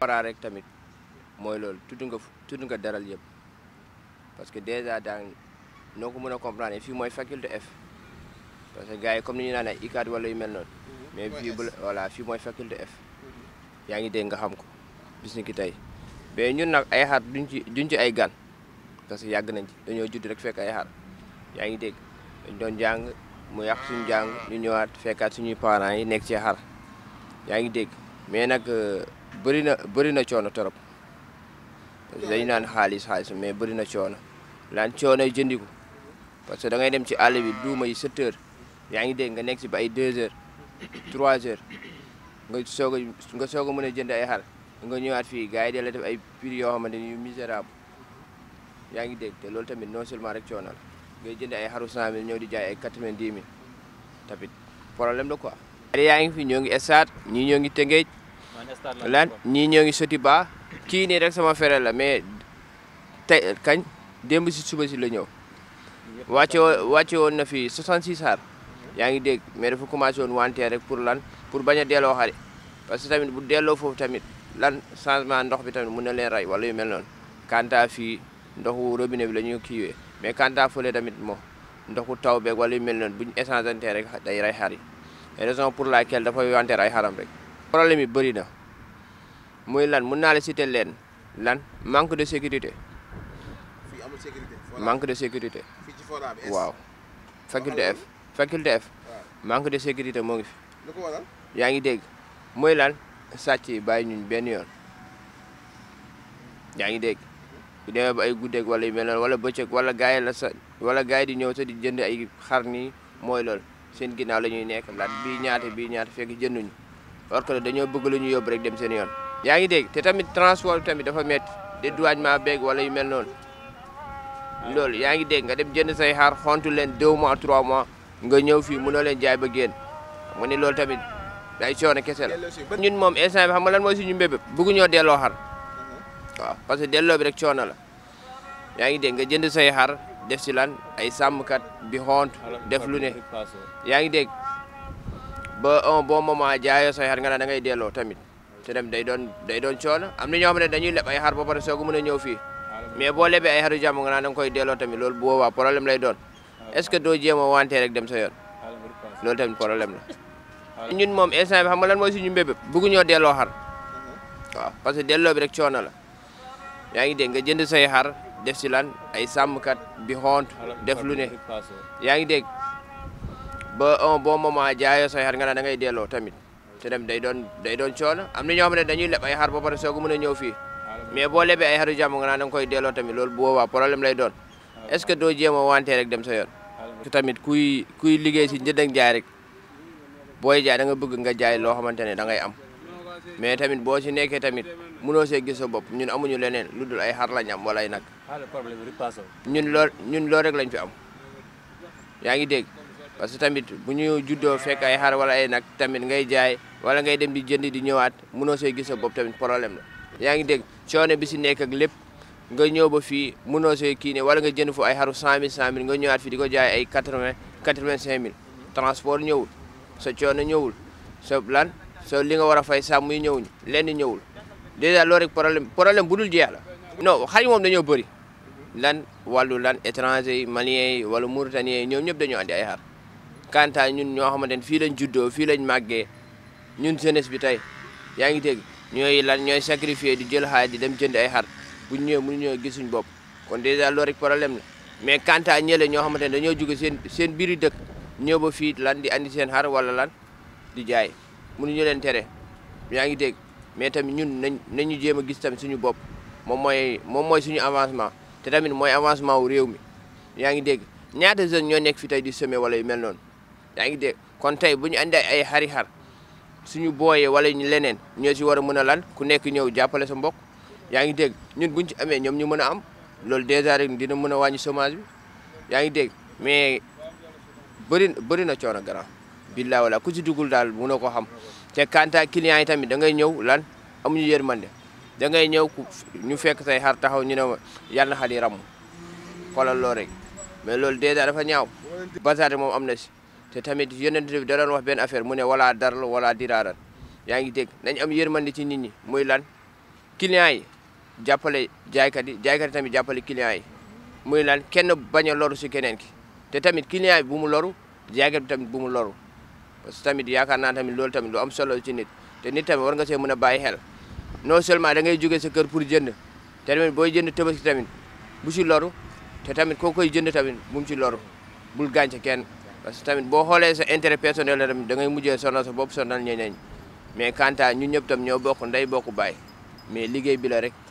waraa rek tamit mooy loolu tudd nga tudd nga daral yëpp parce que déjà daan noo ko mën a comprendre fii mooy faculté F parce que gars yi comme ni ñu naan ay ICAD wala mel noonu mhm. mais fii bu voilà fii mooy faculté F mhm. yaa ngi dégg nga xam ko bis ki tey mais ñun nag ay xar duñ ci duñ ci ay gan parce que yàgg nañ ci dañoo judd rek fekk ay xar yaa ngi dégg dañ doon jàng mu yàq suñu jàng ñu ñëwaat fekkaat suñuy parents yi nekk ci xar yaa ngi dégg mais nag euh, bëri na bëri na coono trop dañ naan xaalis xaalis mais bëri na coono laan coono jëndiku parce que da ngay dem ci àll bi duuma yi sept heures yaa ngi dégg nga nekk si ba ay deux heures trois heures nga soog a nga soog a mën a jënd ay xar nga ñëwaat fii gars yi dee la def ay prix ma xamante ni yu misérable yaa ngi dégg te loolu tamit non seulement rek coono la ngay jënd ay xaru cent mille ñëw di jaay ay quatre vingt di mille tamit problème la quoi. yaa ngi fi ñoo ngi estaat ñii ñoo ngi tëngeej lan ñii ñoo ngi soti baa kii nii rek sama frère la mais te kañ demb si suba si la ñëw wàcce woon wàcce woon na fi 66 saar yaa ngi dégg mais fu commencé woon wanteer rek pour lan pour bañ a delloo xari parce que tamit bu delloo foofu tamit lan changement ndox bi tamit mun na leen rey wala yu mel noonu kanta fii ndoxu robinet bi la ñu kiiwee mais kanta fële tamit moom ndoxu taw beeg wala yu mel noonu bu ñu échangeante rek day rey xar yi raison pour laquelle dafay wanteer ay xaram rek problème yi bëri na muy lan mën naa la citer lan manque de sécurité fii amul sécurité manque de sécurité fii ci fora bi faculté F faculté F manque de sécurité moo ngi fi lu ko waral yaa ngi dégg mooy lan sàcc yi bàyyi ñuñ yoon yaa ngi bu ay wala mel wala bëccëg wala gars la sa wala gars di ñëw sa di jënd ay xar nii mooy loolu seen ginnaaw la ñuy nekk laat bii ñaata bii ñaata fekk jënduñu or dañoo bëgg lu ñu yóbbu rek dem seen yoon yaa ngi dégg te tamit transport tamit dafa métti dédouanement beeg wala yu mel noonu ah. loolu yaa ngi dégg nga dem jënd say xaar xontu leen deux mois trois mois nga ñëw fii mënoo leen jaay ba génn mu ne loolu tamit day coono kese la. ñun moom instant bi xam nga lan mooy suñu mbébé bëgguñoo delloo xar uh-huh. waaw parce que delloo bi rek coono la yaa ngi nga jënd say xar def si lan ay bi xont def lu ne ba un bon moment say nga da ngay tamit. E te dem day don day doon coono am na ñoo xam ne dañuy leb ay xar ba pare soog a mën a ñëw fii mais bo lebee ay xaru jàmm nga naan da nga koy delloo tamit loolu bu boobaa problème lay doon est-ce que doo jéem a rek dem sa yoon loolu tamit problème la ñun mom instant bi xam nga lan mooy suñu mbébéb bëgguñoo delloo xar waaw parce que delloo bi rek coono la yaa ngi nga jënd say xar def si lan ay bi xont def lu ne yaa ngi ba un bon oh, moment jaayoo say xar nga da ngay tamit te dem day doon day doon coono am na ñoo xam ne dañuy leb ay xar ba pare soogu mën a ñëw fii mais boo lebee ay xaru jàmm nga naan da nga koy delloo tamit lool bu boobaa problème lay doon est ce que doo jéem a rek dem sa yoon tamit kuy kuy liggéey si njënd ak jaay rek booy jaay da nga bëgg nga jaay loo xamante ne da ngay am mais tamit boo si nekkee tamit mënoo see gis sa bopp ñun amuñu leneen lu dul ay xar lañ am wala ay nag ñun lool ñun lool rek lañ fi am yaa ngi dégg parce que tamit bu ñu juddoo fekk ay xar wala ay nag tamit ngay jaay wala ngay dem di jëndi di ñëwaat mënoo see gis sa bopp tamit problème la yaa ngi dégg coono bi si nekk ak lépp nga ñëw ba fii mënoo see kii ne wala nga jënd fu ay xaru 100000 100000 nga ñëwaat fii di ko jaay ay katermen 85000 transport ñëwul sa coono ñëwul sa lan sa li nga war a fay sàmm yi ñëwuñu lenn ñëwul dèjà loolu rek problème problème bu dul jeex la non xar yi moom dañoo bëri lan wàllu lan étranger yi maliens yi wala mauritaniens yi ñoom ñëpp dañoo andi ay xar kanta ñun ñoo xamante ne fii lañ juddoo fii lañ màggee ñun jeunesse bi tey yaa ngi dégg ñoo lan ñooy sacrifier di jël xaalis di dem jënd ay xar buñ ñëwee mënu ñoo gis suñ bopp kon dèjà loolu rek problème mais kanta ñële ñoo xamante ne dañoo jóge seen seen biiri dëkk ñëw ba fii lan di andi seen xar wala lan di jaay mënuñu leen tere yaa ngi dégg mais tamit ñun nañ nañu jéem a gis tamit suñu bopp moom mooy moom mooy suñu avancement te tamit mooy avancement wu réew mi yaa ngi dégg ñaata jeunes ñoo nekk fi di semer wala mel noonu yaa ngi dégg kon tey bu ñu andee ay xari xar suñu booyee wala ñu leneen ñoo si war a mën a lan ku nekk ñëw jàppale sa mbokk yaa ngi dégg ñun buñ ci amee ñoom ñu mën a am loolu dèjà rek dina mën a wàññi chômage bi yaa ngi dégg mais bëri bëri na coono grand billaa wala ku si dugul daal mën a ko xam te kanta client yi tamit da ngay ñëw lan amuñu yërmande da ngay ñëw ñu fekk say xar taxaw ñu ne yàlla na xar yi ramm xoolal loolu rek mais loolu dèjà dafa ñaaw basaate moom am na si te tamit yonent bi da doon wax benn affaire mu ne wala daral wala diraaral yaa ngi dégg nañ am yërmande ci nit ñi muy lan clients yi jàppale jaaykat yi jaaykat yi tamit jàppale clients yi muy lan kenn bañ a loru si keneen ki te tamit client bi bu mu loru jaaykat bi tamit bu mu loru parce que tamit yaakaar naa tamit loolu tamit lu am solo ci nit te nit tamit war nga see mën a bàyyi xel non seulement da ngay jógee sa kër pour jënd te tamit booy jënd tabaski tamit bu si loru te tamit koo koy jënd tamit bu mu si loru bul gàncax kenn parce que tamit boo xoolee sa intérêt personnel la tamit da ngay mujjee sonal sa mais quant à ñëpp tam ñoo bokk ndey bokk baay mais liggéey bi la rek.